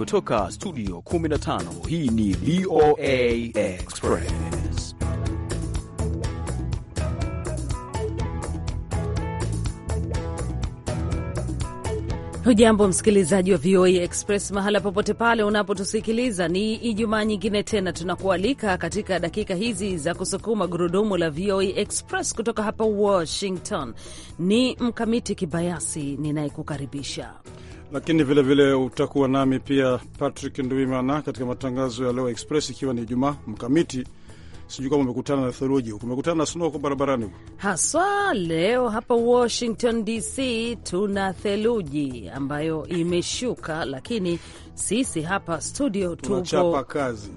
Kutoka studio 15 hii ni VOA Express. Hujambo msikilizaji wa VOA Express mahala popote pale unapotusikiliza, ni Ijumaa nyingine tena tunakualika katika dakika hizi za kusukuma gurudumu la VOA Express kutoka hapa Washington. Ni Mkamiti Kibayasi ninayekukaribisha lakini vilevile utakuwa nami pia Patrick Ndwimana katika matangazo ya leo Express, ikiwa ni Ijumaa. Mkamiti, sijui kama umekutana na theluji huku, umekutana na snow huko barabarani huku, haswa leo hapa Washington DC tuna theluji ambayo imeshuka, lakini sisi hapa studio kazi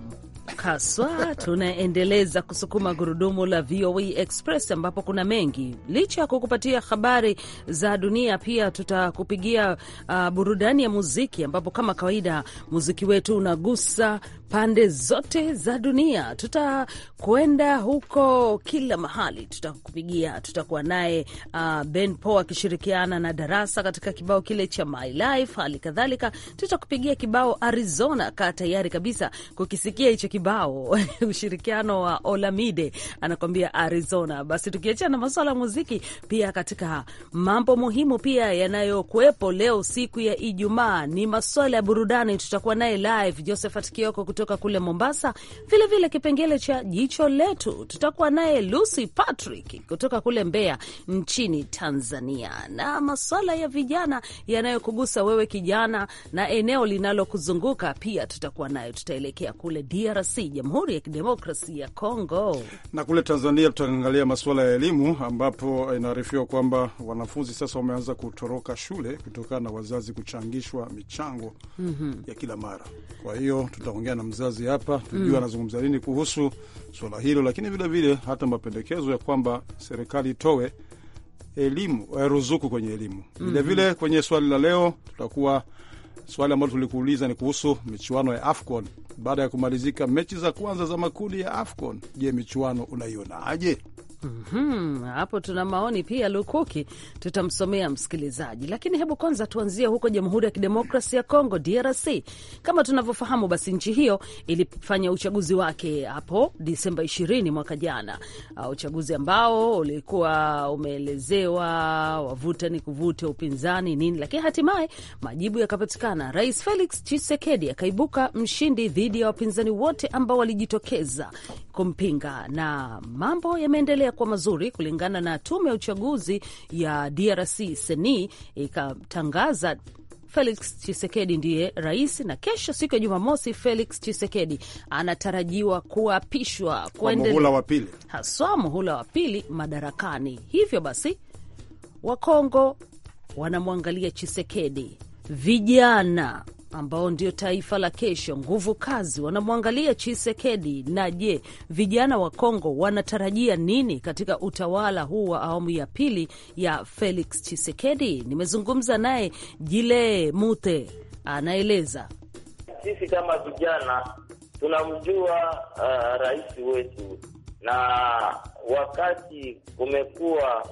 haswa tunaendeleza kusukuma gurudumu la VOA Express ambapo kuna mengi. Licha ya kukupatia habari za dunia, pia tutakupigia uh, burudani ya muziki, ambapo kama kawaida muziki wetu unagusa pande zote za dunia. Tutakwenda huko kila mahali, tutakupigia. Tutakuwa naye uh, Ben Po akishirikiana na Darasa katika kibao kile cha My Life. Hali kadhalika tutakupigia kibao Arizona. Kaa tayari kabisa kukisikia hicho kibao ushirikiano wa Olamide anakwambia Arizona. Basi tukiachana na masuala ya muziki, pia katika mambo muhimu pia yanayokuwepo leo siku ya Ijumaa ni masuala ya burudani. Tutakuwa naye live Josephat Kioko kutoka kule Mombasa, vilevile vile kipengele cha jicho letu tutakuwa naye Lucy Patrick kutoka kule Mbeya nchini Tanzania, na masuala ya vijana yanayokugusa wewe kijana na eneo linalokuzunguka pia tutakuwa naye Tutaelekea kule DRC, Jamhuri ya Kidemokrasi ya Kongo, na kule Tanzania tutaangalia masuala ya elimu, ambapo inaarifiwa kwamba wanafunzi sasa wameanza kutoroka shule kutokana na wazazi kuchangishwa michango mm -hmm. ya kila mara. Kwa hiyo tutaongea na na mzazi hapa, mm. tujue mm. anazungumza nini kuhusu swala hilo, lakini vilevile hata mapendekezo ya kwamba serikali itoe elimu eh, ruzuku kwenye elimu vilevile. Mm-hmm. mm -hmm. Vile kwenye swali la leo tutakuwa swali ambalo tulikuuliza ni kuhusu michuano ya AFCON baada ya kumalizika mechi za kwanza za makundi ya AFCON. Je, michuano unaionaje? Mm -hmm. Hapo tuna maoni pia lukuki, tutamsomea msikilizaji, lakini hebu kwanza tuanzie huko Jamhuri ya Kidemokrasi ya congo DRC. Kama tunavyofahamu, basi nchi hiyo ilifanya uchaguzi wake hapo Disemba 20 mwaka jana, ah, uchaguzi ambao ulikuwa umeelezewa wavuta ni kuvute, upinzani nini, lakini hatimaye majibu yakapatikana. Rais Felix Tshisekedi akaibuka mshindi dhidi ya wapinzani wote ambao walijitokeza kumpinga, na mambo yameendelea kuwa mazuri kulingana na tume ya uchaguzi ya DRC seni ikatangaza Felix Chisekedi ndiye rais, na kesho siku ya Jumamosi Felix Chisekedi anatarajiwa kuapishwa kwa muhula wa pili, haswa muhula wa pili madarakani. Hivyo basi, Wakongo wanamwangalia Chisekedi, vijana ambao ndio taifa la kesho, nguvu kazi, wanamwangalia Chisekedi. Na je, vijana wa Kongo wanatarajia nini katika utawala huu wa awamu ya pili ya Felix Chisekedi? Nimezungumza naye Jile Mute, anaeleza sisi kama vijana tunamjua uh, rais wetu, na wakati kumekuwa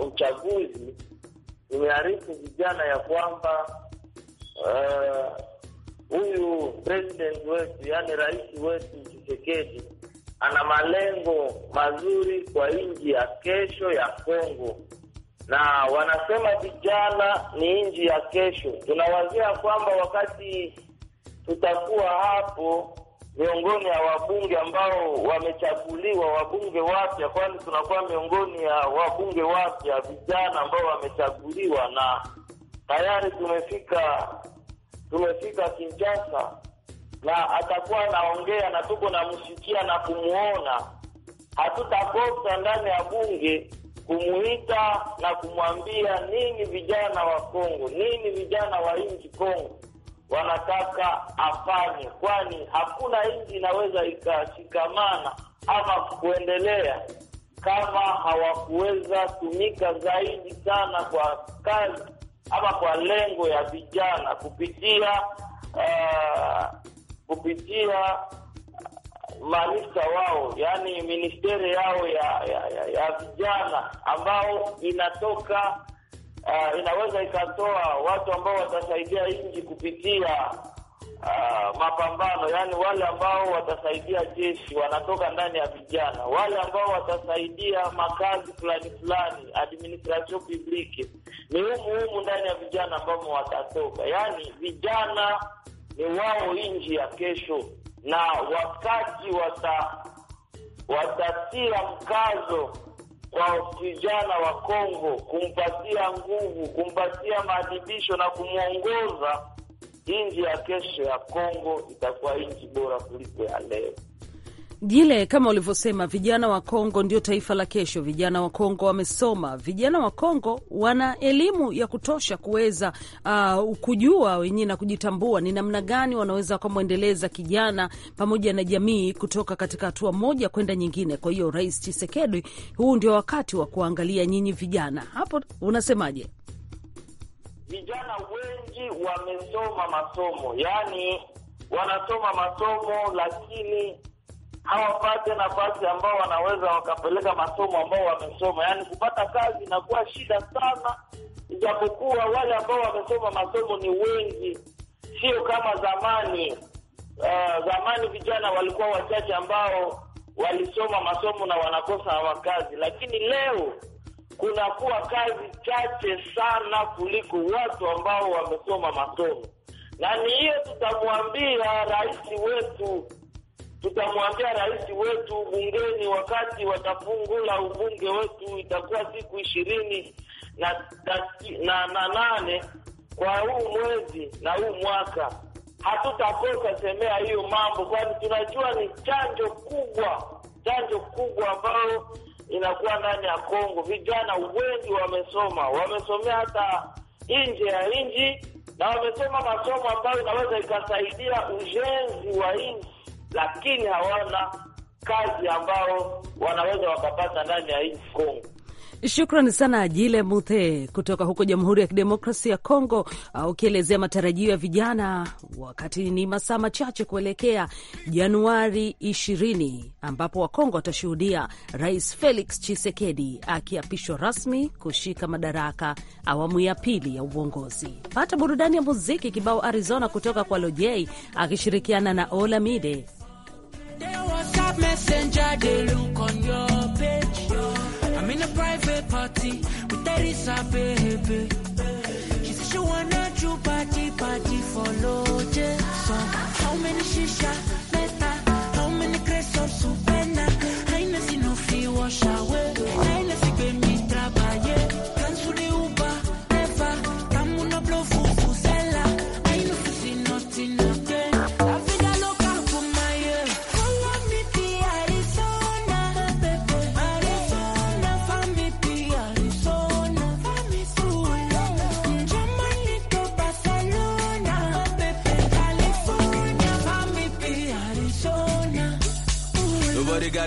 uh, uchaguzi, tumearifu vijana ya kwamba Ah, huyu president wetu yani rais wetu chisekedi ana malengo mazuri kwa nchi ya kesho ya Kongo, na wanasema vijana ni nchi ya kesho. Tunawazia kwamba wakati tutakuwa hapo miongoni ya wabunge ambao wamechaguliwa, wabunge wapya, kwani tunakuwa miongoni ya wabunge wapya vijana ambao wamechaguliwa na tayari tumefika tumefika Kinshasa na atakuwa anaongea na tuko namsikia na kumuona, hatutakosa ndani ya bunge kumuita na kumwambia nini vijana wa Kongo, nini vijana wa nchi Kongo wanataka afanye, kwani hakuna nchi inaweza ikashikamana ama kuendelea kama hawakuweza tumika zaidi sana kwa kazi ama kwa lengo ya vijana kupitia uh, kupitia uh, manista wao yani ministeri yao ya, ya, ya, ya vijana ambao inatoka uh, inaweza ikatoa watu ambao watasaidia nchi kupitia Ah, mapambano, yani wale ambao watasaidia jeshi wanatoka ndani ya vijana, wale ambao watasaidia makazi fulani fulani, administration publique ni humu humu ndani ya vijana ambao watatoka, yani vijana ni wao inji ya kesho, na wakati wata watatia mkazo kwa vijana wa Kongo, kumpatia nguvu, kumpatia maadibisho na kumwongoza nchi ya kesho ya Kongo itakuwa nchi bora kuliko ya leo. Jile, kama ulivyosema, vijana wa Kongo ndio taifa la kesho. Vijana wa Kongo wamesoma, vijana wa Kongo wana elimu ya kutosha kuweza uh, kujua wenyewe na kujitambua ni namna gani wanaweza wakamwendeleza kijana pamoja na jamii kutoka katika hatua moja kwenda nyingine. Kwa hiyo Rais chisekedi huu ndio wakati wa kuangalia nyinyi vijana hapo, unasemaje? vijana wengi wamesoma masomo, yaani wanasoma masomo lakini hawapate nafasi ambao wanaweza wakapeleka masomo ambao wamesoma, yaani kupata kazi inakuwa shida sana, ijapokuwa wale ambao wamesoma masomo ni wengi, sio kama zamani. Uh, zamani vijana walikuwa wachache ambao walisoma masomo na wanakosa makazi, lakini leo kunakuwa kazi chache sana kuliko watu ambao wamesoma masomo, na ni hiyo tutamwambia rais wetu tutamwambia rais wetu bungeni, wakati watafungula ubunge wetu, itakuwa siku ishirini na, na, na nane kwa huu mwezi na huu mwaka. Hatutakosa semea hiyo mambo, kwani tunajua ni chanjo kubwa, chanjo kubwa ambayo inakuwa ndani ya Kongo. Vijana wengi wamesoma, wamesomea hata nje ya nchi na wamesoma masomo ambayo inaweza ikasaidia ujenzi wa nchi, lakini hawana kazi ambao wanaweza wakapata ndani ya nchi Kongo. Shukrani sana Jile Muthe kutoka huko Jamhuri ya Kidemokrasia ya Kongo, uh, ukielezea matarajio ya vijana, wakati ni masaa machache kuelekea Januari 20 ambapo Wakongo watashuhudia Rais Felix Tshisekedi akiapishwa rasmi kushika madaraka awamu ya pili ya uongozi. Pata burudani ya muziki kibao Arizona kutoka kwa Lojei akishirikiana na Olamide. party with Teresa, baby. She said she wanna do party, party for Loje. So, how many shisha, meta, how many crepes of supena? I know she no free wash away.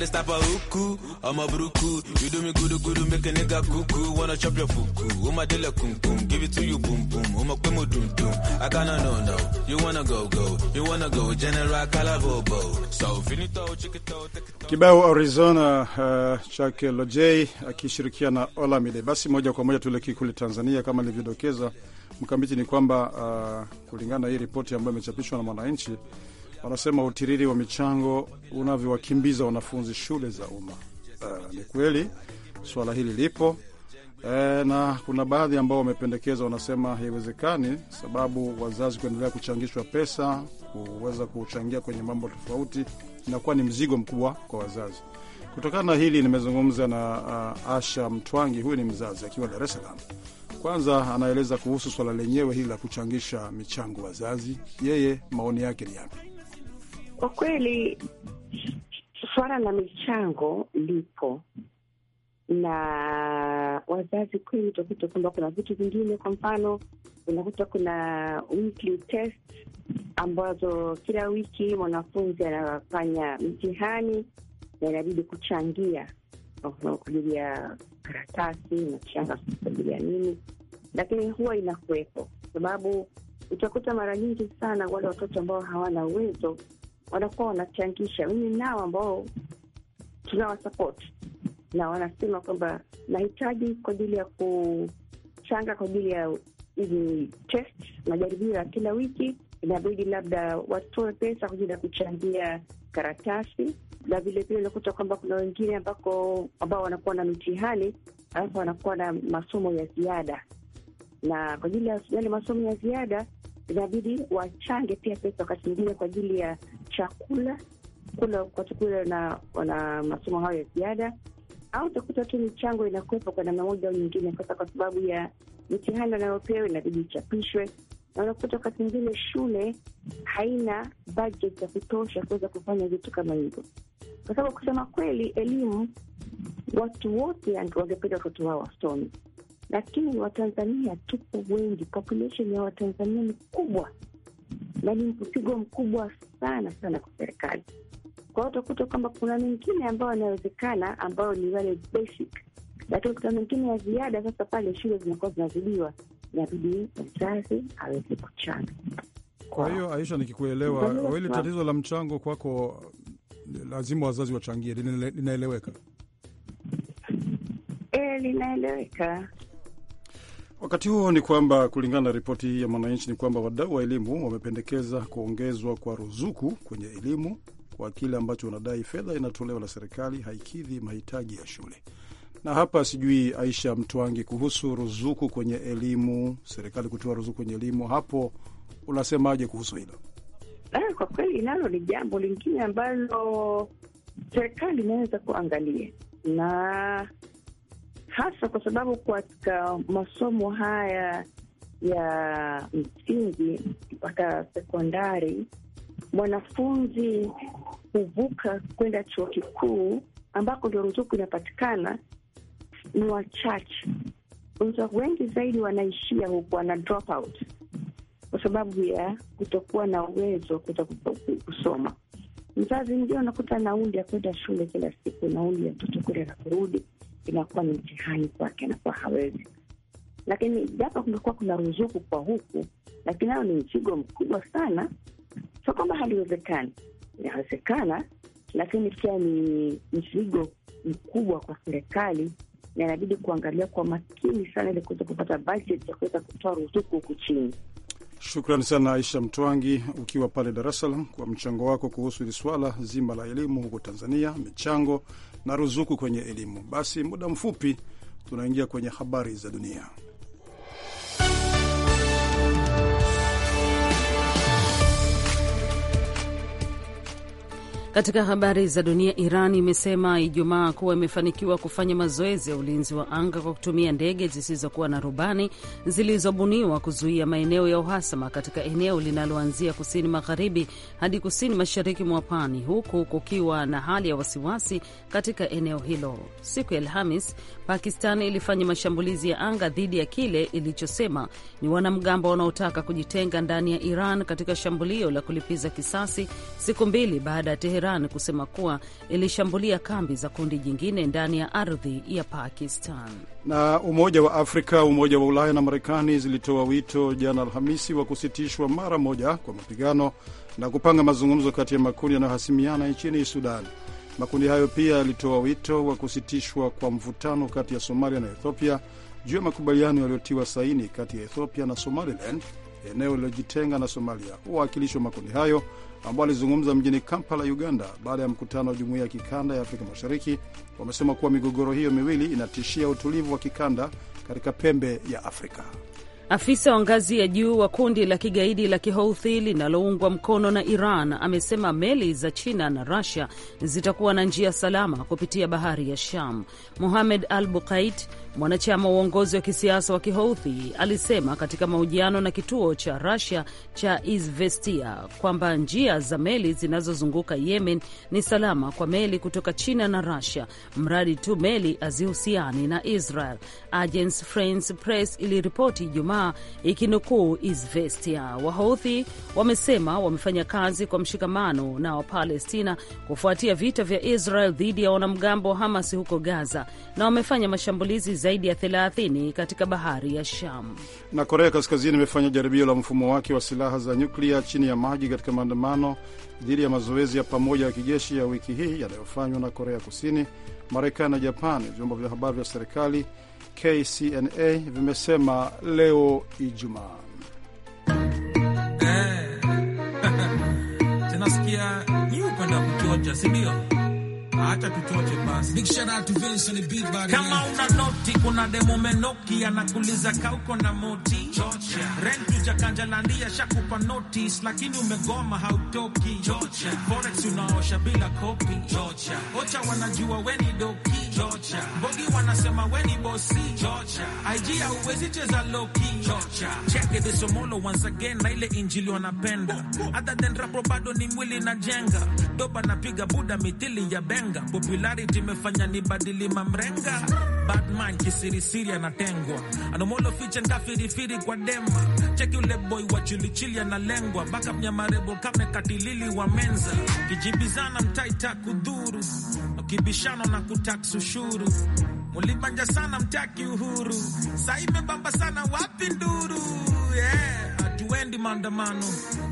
body stop a huku. I'm a bruku. You do me good, good, make a nigga cuckoo. Wanna chop your fuku. Um, my dilla kum kum. Give it to you, boom, boom. Um, my kumu dum dum. I kinda no, no. You wanna go, go. You wanna go. General Calabobo. So, finito, chikito, tekito. Kibao Arizona uh, chake Lojay akishirikiana na Olamide. Basi moja kwa moja tuelekee kule Tanzania kama nilivyodokeza mkambiti ni kwamba uh, kulingana na hii ripoti ambayo imechapishwa na Mwananchi wanasema utiriri wa michango unavyowakimbiza wanafunzi shule za umma. Uh, ni kweli suala hili lipo E, na kuna baadhi ambao wamependekeza, wanasema haiwezekani sababu wazazi kuendelea kuchangishwa pesa kuweza kuchangia kwenye mambo tofauti inakuwa ni mzigo mkubwa kwa wazazi. Kutokana na hili nimezungumza na uh, Asha Mtwangi, huyu ni mzazi akiwa Dar es Salaam. Kwanza anaeleza kuhusu swala lenyewe hili la kuchangisha michango wazazi, yeye maoni yake ni yapi? Kwa kweli suala la michango lipo na wazazi kweli, utakuta kwamba kuna vitu vingine, kwa mfano unakuta kuna weekly test ambazo kila wiki mwanafunzi anafanya mtihani na inabidi kuchangia kujulia karatasi nachanga kujulia nini, lakini huwa inakuwepo, sababu utakuta mara nyingi sana wale watoto ambao hawana uwezo wanakuwa wanachangisha. Mimi nao ambao tunawasapoti na wanasema kwamba nahitaji kwa ajili ya kuchanga kwa ajili ya hizi test majaribio ya kila wiki, inabidi labda watoe pesa kwa ajili ya kuchangia karatasi, na vilevile unakuta kwamba kuna wengine ambako ambao wanakuwa na mitihani alafu wanakuwa na masomo ya ziada, na kwa ajili ya yale masomo ya ziada inabidi wachange pia pesa wakati mwingine kwa ajili ya chakula kula kwatukula na wana masomo hayo ya ziada, au utakuta tu michango inakwepa kwa namna moja au nyingine, sasa kwa sababu ya mitihani wanayopewa inabidi ichapishwe, na unakuta wakati mwingine shule haina budget ya kutosha kuweza kufanya vitu kama hivyo, kwa sababu kusema kweli, elimu watu wote wangependa watoto wao wasome, lakini Watanzania tupo wengi, population ya Watanzania ni kubwa na ni mpigo mkubwa sana sana kwa serikali. Kwa hiyo utakuta kwamba kuna mengine ambayo yanawezekana, ambayo ni wale basic, lakini kuna mengine ya ziada. Sasa pale shule zinakuwa zinazidiwa, inabidi mzazi aweze kuchanga. Kwa hiyo Aisha, nikikuelewa hili tatizo la mchango kwako, lazima wazazi wachangie, linaeleweka? E, linaeleweka. Wakati huo ni kwamba kulingana na ripoti hii ya Mwananchi ni kwamba wadau wa elimu wamependekeza kuongezwa kwa ruzuku kwenye elimu kwa kile ambacho wanadai fedha inatolewa na serikali haikidhi mahitaji ya shule. Na hapa sijui Aisha Mtwangi, kuhusu ruzuku kwenye elimu, serikali kutoa ruzuku kwenye elimu, hapo unasemaje kuhusu hilo? Eh, kwa kweli nalo ni jambo lingine ambalo serikali inaweza kuangalia na hasa kwa sababu katika masomo haya ya msingi mpaka sekondari mwanafunzi huvuka kwenda chuo kikuu ambako ndio ruzuku inapatikana ni wachache. Wengi zaidi wanaishia huku, wana drop out kwa sababu ya kutokuwa na uwezo kuweza kusoma. Mzazi ndio anakuta nauli ya kwenda shule kila siku, nauli ya mtoto kwenda na kurudi inakuwa ni mtihani kwake, anakuwa hawezi. Lakini japo kumekuwa kuna ruzuku kwa huku, lakini hayo ni mzigo mkubwa sana. Sio kwamba haliwezekani, inawezekana, lakini pia ni mzigo mkubwa kwa serikali, na inabidi kuangalia kwa makini sana, ili kuweza kupata bajeti ya kuweza kutoa ruzuku huku chini. Shukrani sana Aisha Mtwangi, ukiwa pale Dar es Salaam, kwa mchango wako kuhusu hili swala zima la elimu huko Tanzania, michango na ruzuku kwenye elimu. Basi muda mfupi tunaingia kwenye habari za dunia. Katika habari za dunia, Iran imesema Ijumaa kuwa imefanikiwa kufanya mazoezi ya ulinzi wa anga kwa kutumia ndege zisizokuwa na rubani zilizobuniwa kuzuia maeneo ya uhasama katika eneo linaloanzia kusini magharibi hadi kusini mashariki mwa pwani, huku kukiwa na hali ya wasiwasi katika eneo hilo. Siku ya Alhamis, Pakistan ilifanya mashambulizi ya anga dhidi ya kile ilichosema ni wanamgambo wanaotaka kujitenga ndani ya Iran katika shambulio la kulipiza kisasi siku mbili baada ya Iran kusema kuwa ilishambulia kambi za kundi jingine ndani ya ardhi ya Pakistan. Na Umoja wa Afrika, Umoja wa Ulaya na Marekani zilitoa wito jana Alhamisi wa kusitishwa mara moja kwa mapigano na kupanga mazungumzo kati ya makundi yanayohasimiana nchini Sudan. Makundi hayo pia yalitoa wito wa kusitishwa kwa mvutano kati ya Somalia na Ethiopia juu ya makubaliano yaliyotiwa saini kati ya Ethiopia na Somaliland, eneo lililojitenga na Somalia. Wawakilishi wa makundi hayo ambao alizungumza mjini Kampala, Uganda, baada ya mkutano wa jumuiya ya kikanda ya Afrika Mashariki, wamesema kuwa migogoro hiyo miwili inatishia utulivu wa kikanda katika pembe ya Afrika. Afisa wa ngazi ya juu wa kundi la kigaidi la Kihouthi linaloungwa mkono na Iran amesema meli za China na Russia zitakuwa na njia salama kupitia bahari ya Sham. muhamed Al Bukait, mwanachama wa uongozi wa kisiasa wa Kihouthi, alisema katika mahojiano na kituo cha rasia cha Izvestia kwamba njia za meli zinazozunguka Yemen ni salama kwa meli kutoka China na Russia, mradi tu meli hazihusiani na Israel. Agence France Press iliripoti Jumaa Ijumaa ikinukuu Isvestia. Wahouthi wamesema wamefanya kazi kwa mshikamano na Wapalestina kufuatia vita vya Israel dhidi ya wanamgambo wa Hamas huko Gaza, na wamefanya mashambulizi zaidi ya 30 katika bahari ya Sham. Na Korea Kaskazini imefanya jaribio la mfumo wake wa silaha za nyuklia chini ya maji katika maandamano dhidi ya mazoezi ya pamoja ya kijeshi ya wiki hii yanayofanywa na Korea Kusini, Marekani na Japani, vyombo vya habari vya serikali KCNA vimesema leo Ijumaa. Eh. Tunasikia upande wa kuchocha, si ndio? Acha tuchoche basi. Kama una noti, kuna demo menoki anakuliza kauko na moti shakupa notice, lakini umegoma hautoki. Forex unaosha bila kopi, ocha wanajua weni doki Georgia. Bogi wanasema weni bosi Georgia. IG ya uwezi cheza loki Chocha. Check it this omolo once again na ile injili wanapenda. Other than rap bado ni mwili na jenga. Doba napiga buda mitili ya benga. Popularity imefanya ni badili mamrenga. Bad man Badman kisirisiri anatengwa. Anomolo fiche firi kwa dema. Cheki ule boy wa chilichili analengwa. Baka mnyamarebo kame katilili wa menza. Kijibizana mtaita kuduru. Kibishano na kutaksu ushuru, mulibanja sana mtaki uhuru, saimebamba sana wapi nduru, hatuendi atuendi maandamano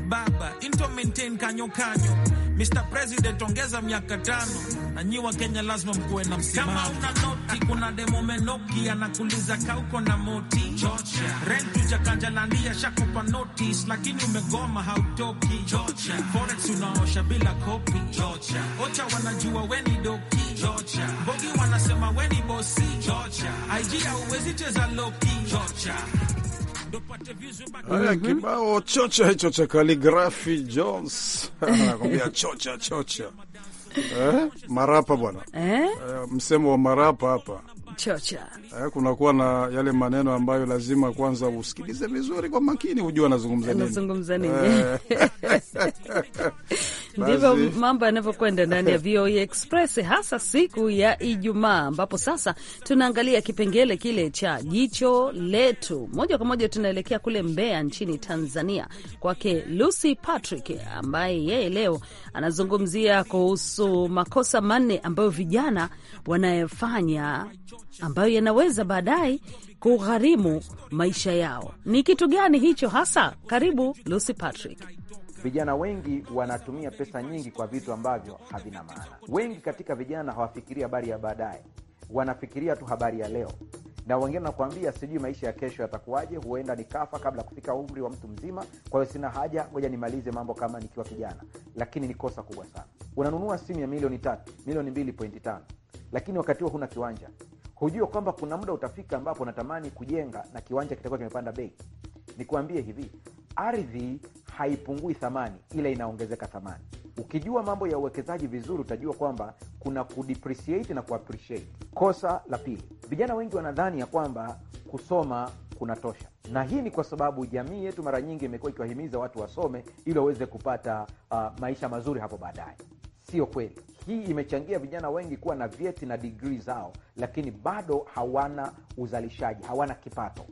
baba into maintain kanyo kanyo, Mr President ongeza miaka tano na nyi wa Kenya lazima mkuwe na msimamo. Kama una noti, kuna demo menoki anakuliza kauko na moti Georgia. Rentu cha kanjalandia shakupa notice, lakini umegoma hautoki Georgia. Forex unaosha bila kopi Georgia. Ocha wanajua weni doki Georgia. Bogi wanasema weni bosi Georgia. IG hauwezi cheza loki Georgia. Haya, kibao chocha hicho cha Kaligrafi Jones anakwambia chocha chocha eh, marapa bwana eh? Eh, msemo wa marapa hapa chocha eh, kunakuwa na yale maneno ambayo lazima kwanza usikilize vizuri kwa makini, hujua anazungumza nini, anazungumza nini eh. Ndivyo mambo yanavyokwenda ndani ya VOA e Express, hasa siku ya Ijumaa, ambapo sasa tunaangalia kipengele kile cha jicho letu. Moja kwa moja tunaelekea kule Mbeya nchini Tanzania, kwake Lucy Patrick ambaye yeye leo anazungumzia kuhusu makosa manne ambayo vijana wanayofanya ambayo yanaweza baadaye kugharimu maisha yao. Ni kitu gani hicho hasa? Karibu Lucy Patrick. Vijana wengi wanatumia pesa nyingi kwa vitu ambavyo havina maana. Wengi katika vijana hawafikiria habari ya baadaye, wanafikiria tu habari ya leo, na wengine wanakuambia sijui maisha ya kesho yatakuwaje, huenda nikafa kabla ya kufika umri wa mtu mzima, kwa hiyo sina haja, ngoja nimalize mambo kama nikiwa kijana. Lakini ni kosa kubwa sana. Unanunua simu ya milioni tatu, milioni mbili pointi tano, lakini wakati huo huna kiwanja. Hujua kwamba kuna muda utafika ambapo unatamani kujenga na kiwanja kitakuwa kimepanda bei. Nikuambie hivi, ardhi haipungui thamani, ila inaongezeka thamani. Ukijua mambo ya uwekezaji vizuri, utajua kwamba kuna kudepreciate na kuappreciate. Kosa la pili, vijana wengi wanadhani ya kwamba kusoma kunatosha, na hii ni kwa sababu jamii yetu mara nyingi imekuwa ikiwahimiza watu wasome ili waweze kupata uh, maisha mazuri hapo baadaye. Sio kweli. Hii imechangia vijana wengi kuwa na vyeti na digri zao, lakini bado hawana uzalishaji, hawana kipato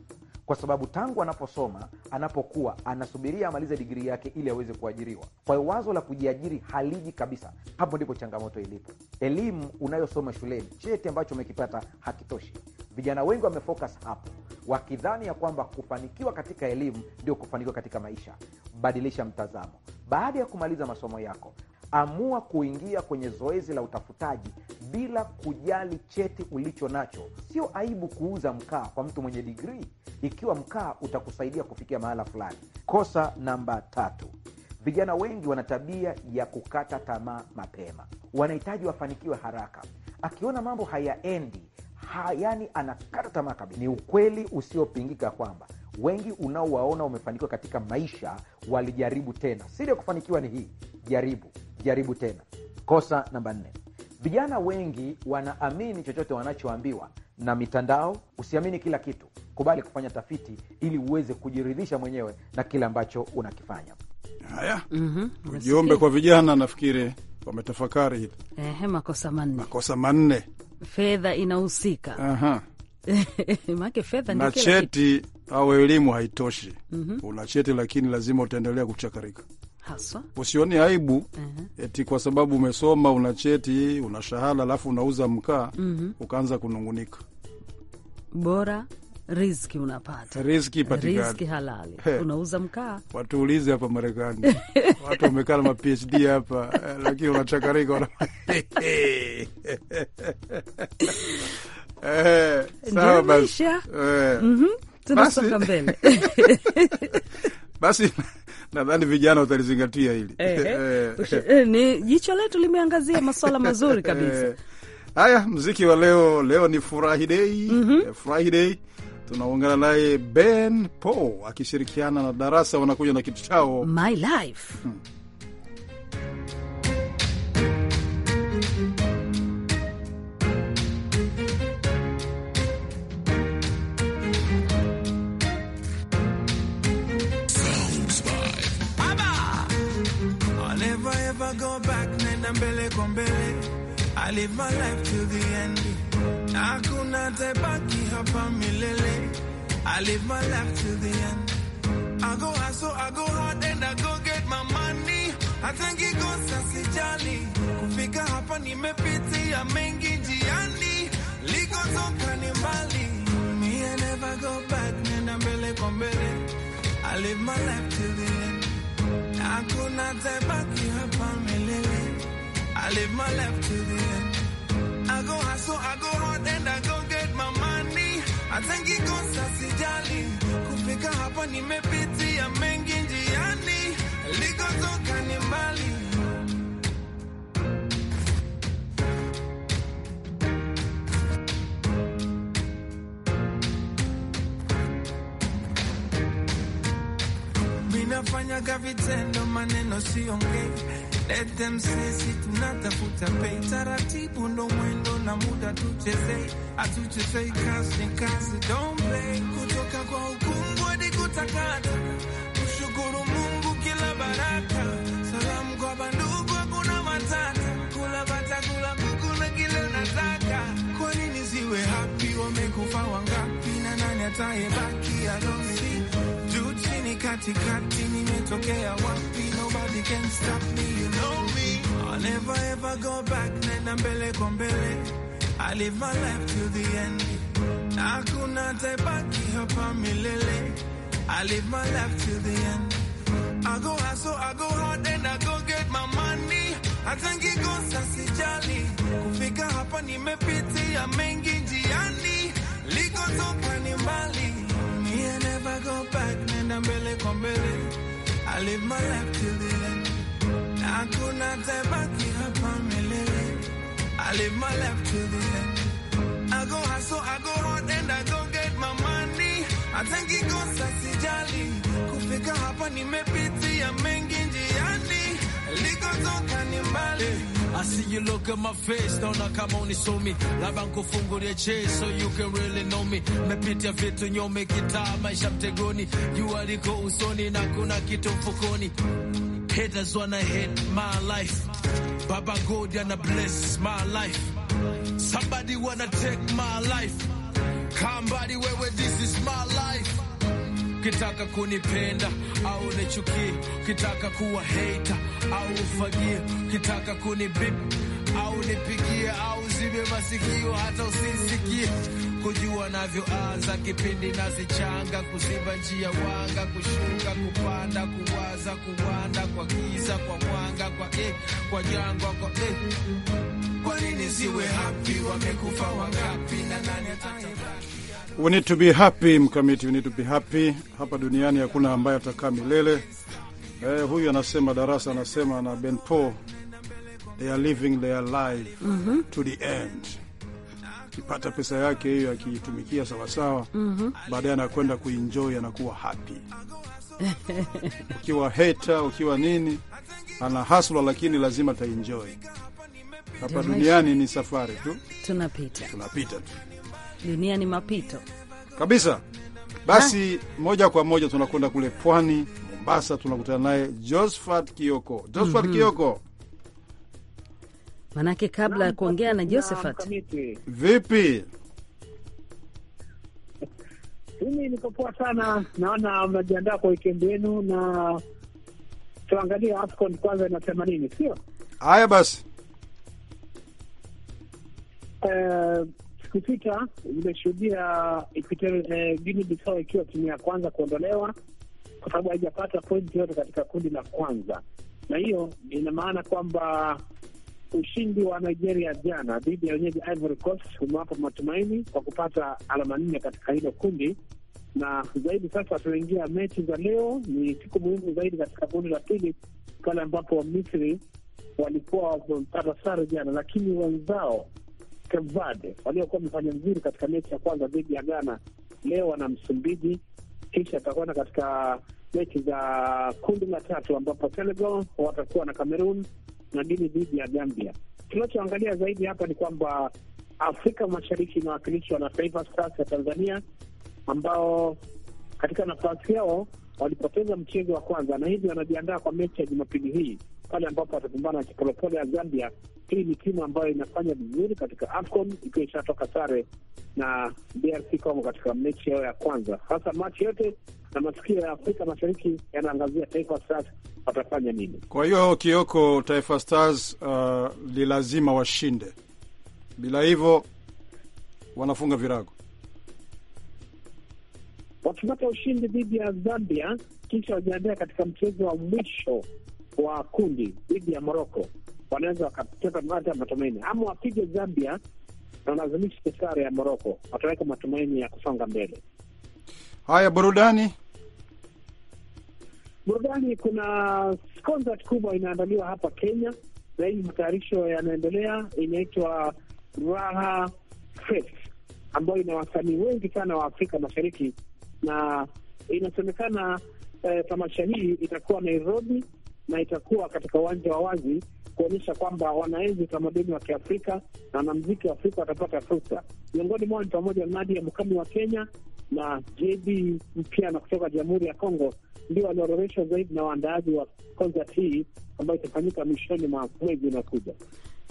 kwa sababu tangu anaposoma anapokuwa anasubiria amalize digrii yake ili aweze kuajiriwa. Kwa hiyo wazo la kujiajiri haliji kabisa. Hapo ndipo changamoto ilipo. Elimu unayosoma shuleni, cheti ambacho umekipata hakitoshi. Vijana wengi wamefocus hapo, wakidhani ya kwamba kufanikiwa katika elimu ndio kufanikiwa katika maisha. Badilisha mtazamo. Baada ya kumaliza masomo yako, Amua kuingia kwenye zoezi la utafutaji bila kujali cheti ulicho nacho. Sio aibu kuuza mkaa kwa mtu mwenye digrii ikiwa mkaa utakusaidia kufikia mahala fulani. Kosa namba tatu, vijana wengi wana tabia ya kukata tamaa mapema. Wanahitaji wafanikiwe haraka. Akiona mambo hayaendi ha, yani anakata tamaa kabisa. Ni ukweli usiopingika kwamba wengi unaowaona wamefanikiwa katika maisha walijaribu tena. Siri ya kufanikiwa ni hii: jaribu jaribu tena. Kosa namba nne, vijana wengi wanaamini chochote wanachoambiwa na mitandao. Usiamini kila kitu, kubali kufanya tafiti ili uweze kujiridhisha mwenyewe na kile ambacho unakifanya. Haya, mm -hmm. Tujiombe kwa vijana, nafikiri wametafakari hili. Ehe, makosa manne, makosa manne. Fedha inahusika make fedha na cheti au elimu haitoshi. mm -hmm. Una cheti lakini lazima utaendelea kuchakarika haswa. Usione aibu uh -huh. eti kwa sababu umesoma una cheti una shahala alafu unauza mkaa uh mhm. -huh. ukaanza kunungunika. Bora riski unapata, riski patikana, riziki halali He. Unauza mkaa, watuulize hapa Marekani watu wamekaa na maphd hapa eh, lakini unachakarika wana... Eh, sawa basi. Eh. Mhm. Tunasonga mbele. Basi nadhani vijana utalizingatia hili. Eh. Eh, ni jicho letu limeangazia masuala mazuri kabisa. Eh. Haya, mziki wa leo, leo ni furahidei mm -hmm. furahidei tunaungana naye Ben po akishirikiana na Darasa, wanakuja na kitu chao My Life. hmm. never go back, nenda mbele kwa mbele. I live my life till the end. Hakuna tebaki hapa milele. I live my life till the end. I go hustle, I go hard and I go get my money. I thank you God sasijali. Kufika hapa nimepitia mengi njiani. Liko toka ni mbali. Me I never go back, nenda mbele kwa mbele. I live my life till the end na hakuna tabaki hapa milele. I live my life to the end. I go hustle, I go hard and I go get my money. Atangi kosa sijali, kufika hapa nimepitia mengi njiani, likotoka ni mbali tunafanyaga vitendo, maneno siongei. Let them say si tunatafuta pei, taratibu ndo mwendo na muda, tuchezei atuchezei, kazi kazi play. kutoka kwa ukungu hadi kutakata, kushukuru Mungu kila baraka, salamu kwa bandugu, hakuna matata, kula bata kula kuku na kile nataka. Kwa nini ziwe happy, Wamekufa wangapi na nani atayebaki? katikati nimetokea wapi? Nobody can stop me, you know me. I'll never ever go back, nenda mbele kwa mbele. I live my life to the end. Hakuna tabaki hapa milele. I live my life to the end. I go hustle, I go hard and I go get my money. I Atangi kosa jali. Kufika hapa nimepitia mengi njiani. Liko toka ni mbali. kusonga mbele kwa mbele. I live my life till the end, na hakuna tabaki hapa milele. I live my life till the end. I go hustle, I go hard and I go get my money. I thank you God sijali kufika hapa, nimepitia mengi njiani, nilikotoka ni mbali I see you look at my face, naona kama unisomi, labda nkufungulie so you can really know me. Mepitia vitu nyome, kitaa maisha mtegoni, jua liko usoni na kuna kitu mfukoni. Haters wanna hate my life, Baba God ana bless my life, somebody wanna take my life, kambali wewe, this is my life kitaka kunipenda au nichukie, kitaka kuwa hater au ufagie, kitaka kunibip au nipigie au zibe masikio hata usisikie kujua navyoanza kipindi nazichanga kuziba njia wanga kushuka kupanda kuwaza kuwanda kwa giza kwa mwanga kwa eh, kwa jangwa kwa eh. Kwa nini siwe hapi? Wamekufa wangapi na nani atayebaki? We need to be happy, mkamiti, we need to be happy. Hapa duniani hakuna ambaye atakaa milele. Eh, huyu anasema darasa anasema na Ben Paul, they are living their life mm -hmm. to the end Akipata pesa yake hiyo akiitumikia sawasawa, mm -hmm. baadaye anakwenda kuenjoy, anakuwa happy ukiwa heta ukiwa nini, ana hasla, lakini lazima taenjoy. Hapa duniani ni safari tu, tunapita tunapita tu dunia ni mapito kabisa. Basi ha? moja kwa moja tunakwenda kule pwani Mombasa, tunakutana naye Josphat Kioko. Josphat mm -hmm. Kioko, manake kabla ya kuongea na Josephat, vipi? Mimi niko poa sana, naona mnajiandaa kwa wikendi yenu, na tuangalie AFCON kwanza inasema nini, sio haya? Basi uh, siku sita zimeshuhudia eh, Guinea Bissau ikiwa timu ya kwanza kuondolewa kwa sababu haijapata pointi yote katika kundi la kwanza, na hiyo ina maana kwamba ushindi wa Nigeria jana dhidi ya wenyeji Ivory Coast umewapa matumaini kwa kupata alama nne katika hilo kundi, na zaidi sasa tunaingia mechi za leo. Ni siku muhimu zaidi katika kundi la pili, pale ambapo Misri walikuwa wamepata sare jana, lakini wenzao Cape waliokuwa wamefanya vizuri katika mechi ya kwanza dhidi ya Ghana leo wana Msumbiji, kisha atakwenda katika mechi za kundi la tatu ambapo Senegal watakuwa na Cameroon na Guinea dhidi ya Gambia. Tunachoangalia zaidi hapa ni kwamba Afrika Mashariki inawakilishwa na Taifa Stars ya Tanzania ambao katika nafasi yao walipoteza mchezo wa kwanza na hivyo wanajiandaa kwa mechi ya Jumapili hii pale ambapo atapambana na Chipolopolo ya Zambia. Hii ni timu ambayo inafanya vizuri katika AFCON ikiwa ishatoka sare na DRC Congo katika mechi yao ya kwanza. Sasa machi yote na masikio ya Afrika Mashariki yanaangazia Taifa Stars watafanya nini. Kwa hiyo Kioko, Taifa Stars uh, ni lazima washinde, bila hivyo wanafunga virago wakipata ushindi dhidi ya Zambia, kisha wajiandaa katika mchezo wa mwisho wa kundi dhidi ya Moroko wanaweza wakapata hata matumaini, ama wapige Zambia na walazimisha sare ya Moroko, wataweka matumaini ya kusonga mbele. Haya, burudani burudani, kuna concert kubwa inaandaliwa hapa Kenya na hii matayarisho yanaendelea, inaitwa Raha Fest ambayo ina wasanii wengi sana wa Afrika Mashariki na inasemekana eh, tamasha hii itakuwa Nairobi na itakuwa katika uwanja wa wazi kuonyesha kwamba wanaenzi utamaduni wa Kiafrika na wanamziki wa Afrika watapata fursa. Miongoni mwao ni pamoja na Nadia Mukami wa Kenya na JB Mpiana kutoka Jamhuri ya Kongo, ndio walioorodheshwa zaidi na waandaaji wa konsati hii ambayo itafanyika mwishoni mwa mwezi unaokuja.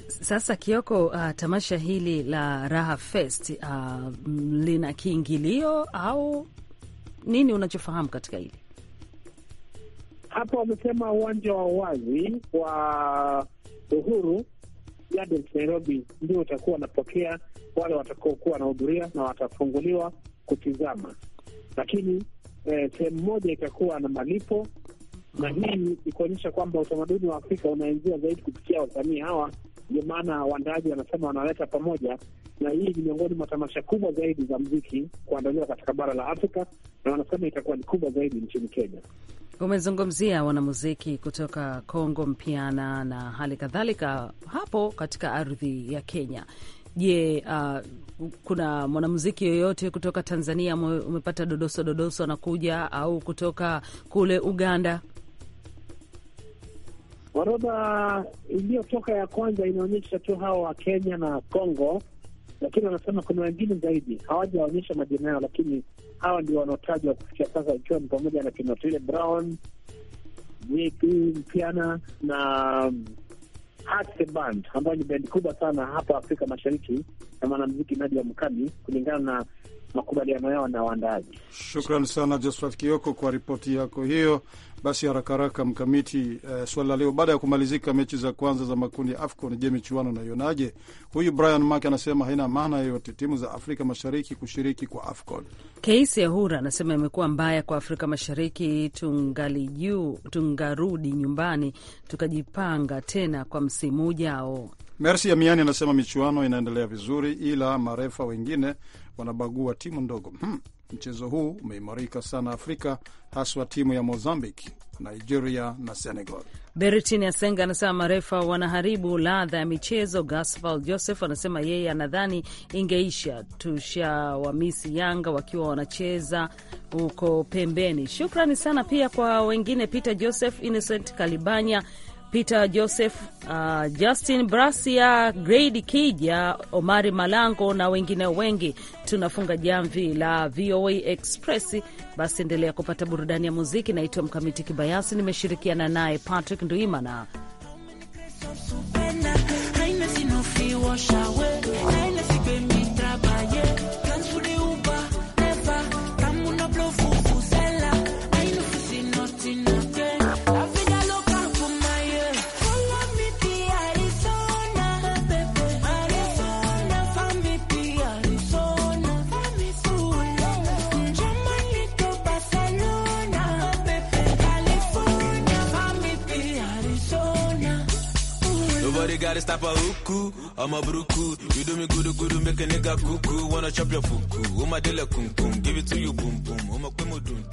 Sasa Kioko, uh, tamasha hili la Raha Fest uh, lina kiingilio au nini unachofahamu katika hili? hapo wamesema uwanja wa wazi wa Uhuru Gardens Nairobi ndio utakuwa wanapokea wale watakaokuwa wanahudhuria na watafunguliwa kutizama, lakini eh, sehemu moja itakuwa na malipo, na hii ni kuonyesha kwamba utamaduni wa Afrika unaenziwa zaidi kupitia wasanii hawa. Ndio maana waandaaji wanasema wanaleta pamoja, na hii ni miongoni mwa tamasha kubwa zaidi za mziki kuandaliwa katika bara la Afrika, na wanasema itakuwa ni kubwa zaidi nchini Kenya. Umezungumzia wanamuziki kutoka Kongo, Mpiana na hali kadhalika hapo katika ardhi ya Kenya. Je, uh, kuna mwanamuziki yoyote kutoka Tanzania umepata dodoso dodoso anakuja au kutoka kule Uganda? Orodha iliyotoka ya kwanza inaonyesha tu hawa wa Kenya na Kongo, lakini wanasema kuna wengine zaidi, hawajaonyesha majina yao, lakini hawa ndio wanaotajwa kufikia sasa, ikiwa ni pamoja na Kinotile Brown, Jake Mpiana na Haste um, Band ambayo ni bendi kubwa sana hapa Afrika Mashariki na mwanamziki Nadia mkami kulingana na makubaliano yao na waandaaji. Shukran sana Josephat Kioko kwa ripoti yako hiyo. Basi haraka haraka mkamiti, eh, swali la leo, baada ya kumalizika mechi za kwanza za makundi ya AFCON, je, michuano unaionaje? Huyu Brian Mak anasema haina maana yoyote timu za Afrika Mashariki kushiriki kwa AFCON. Keisi yahura anasema imekuwa mbaya kwa Afrika Mashariki, tungalijuu tungarudi nyumbani tukajipanga tena kwa msimu ujao. Merci Amiani anasema michuano inaendelea vizuri, ila marefa wengine wanabagua timu ndogo. Hmm, mchezo huu umeimarika sana Afrika, haswa timu ya Mozambique, Nigeria na Senegal. Bertin Asenga anasema marefa wanaharibu ladha ya michezo. Gaspal Joseph anasema yeye anadhani ingeisha, tushawamisi Yanga wakiwa wanacheza huko pembeni. Shukrani sana pia kwa wengine, Peter Joseph, Innocent Kalibanya Peter Joseph, uh, Justin Brasia, Grade Kija, Omari Malango na wengine wengi. Tunafunga jamvi la VOA Express. Basi endelea kupata burudani ya muziki. Naitwa Mkamiti Kibayasi, nimeshirikiana naye Patrick Nduimana. to stop a hooku. I'm a bruku. You do me good, good, make a nigga cuckoo. Wanna chop your fuku. Oh, my dela kum kum. Give it to you, boom, boom. Oh, my dun dun.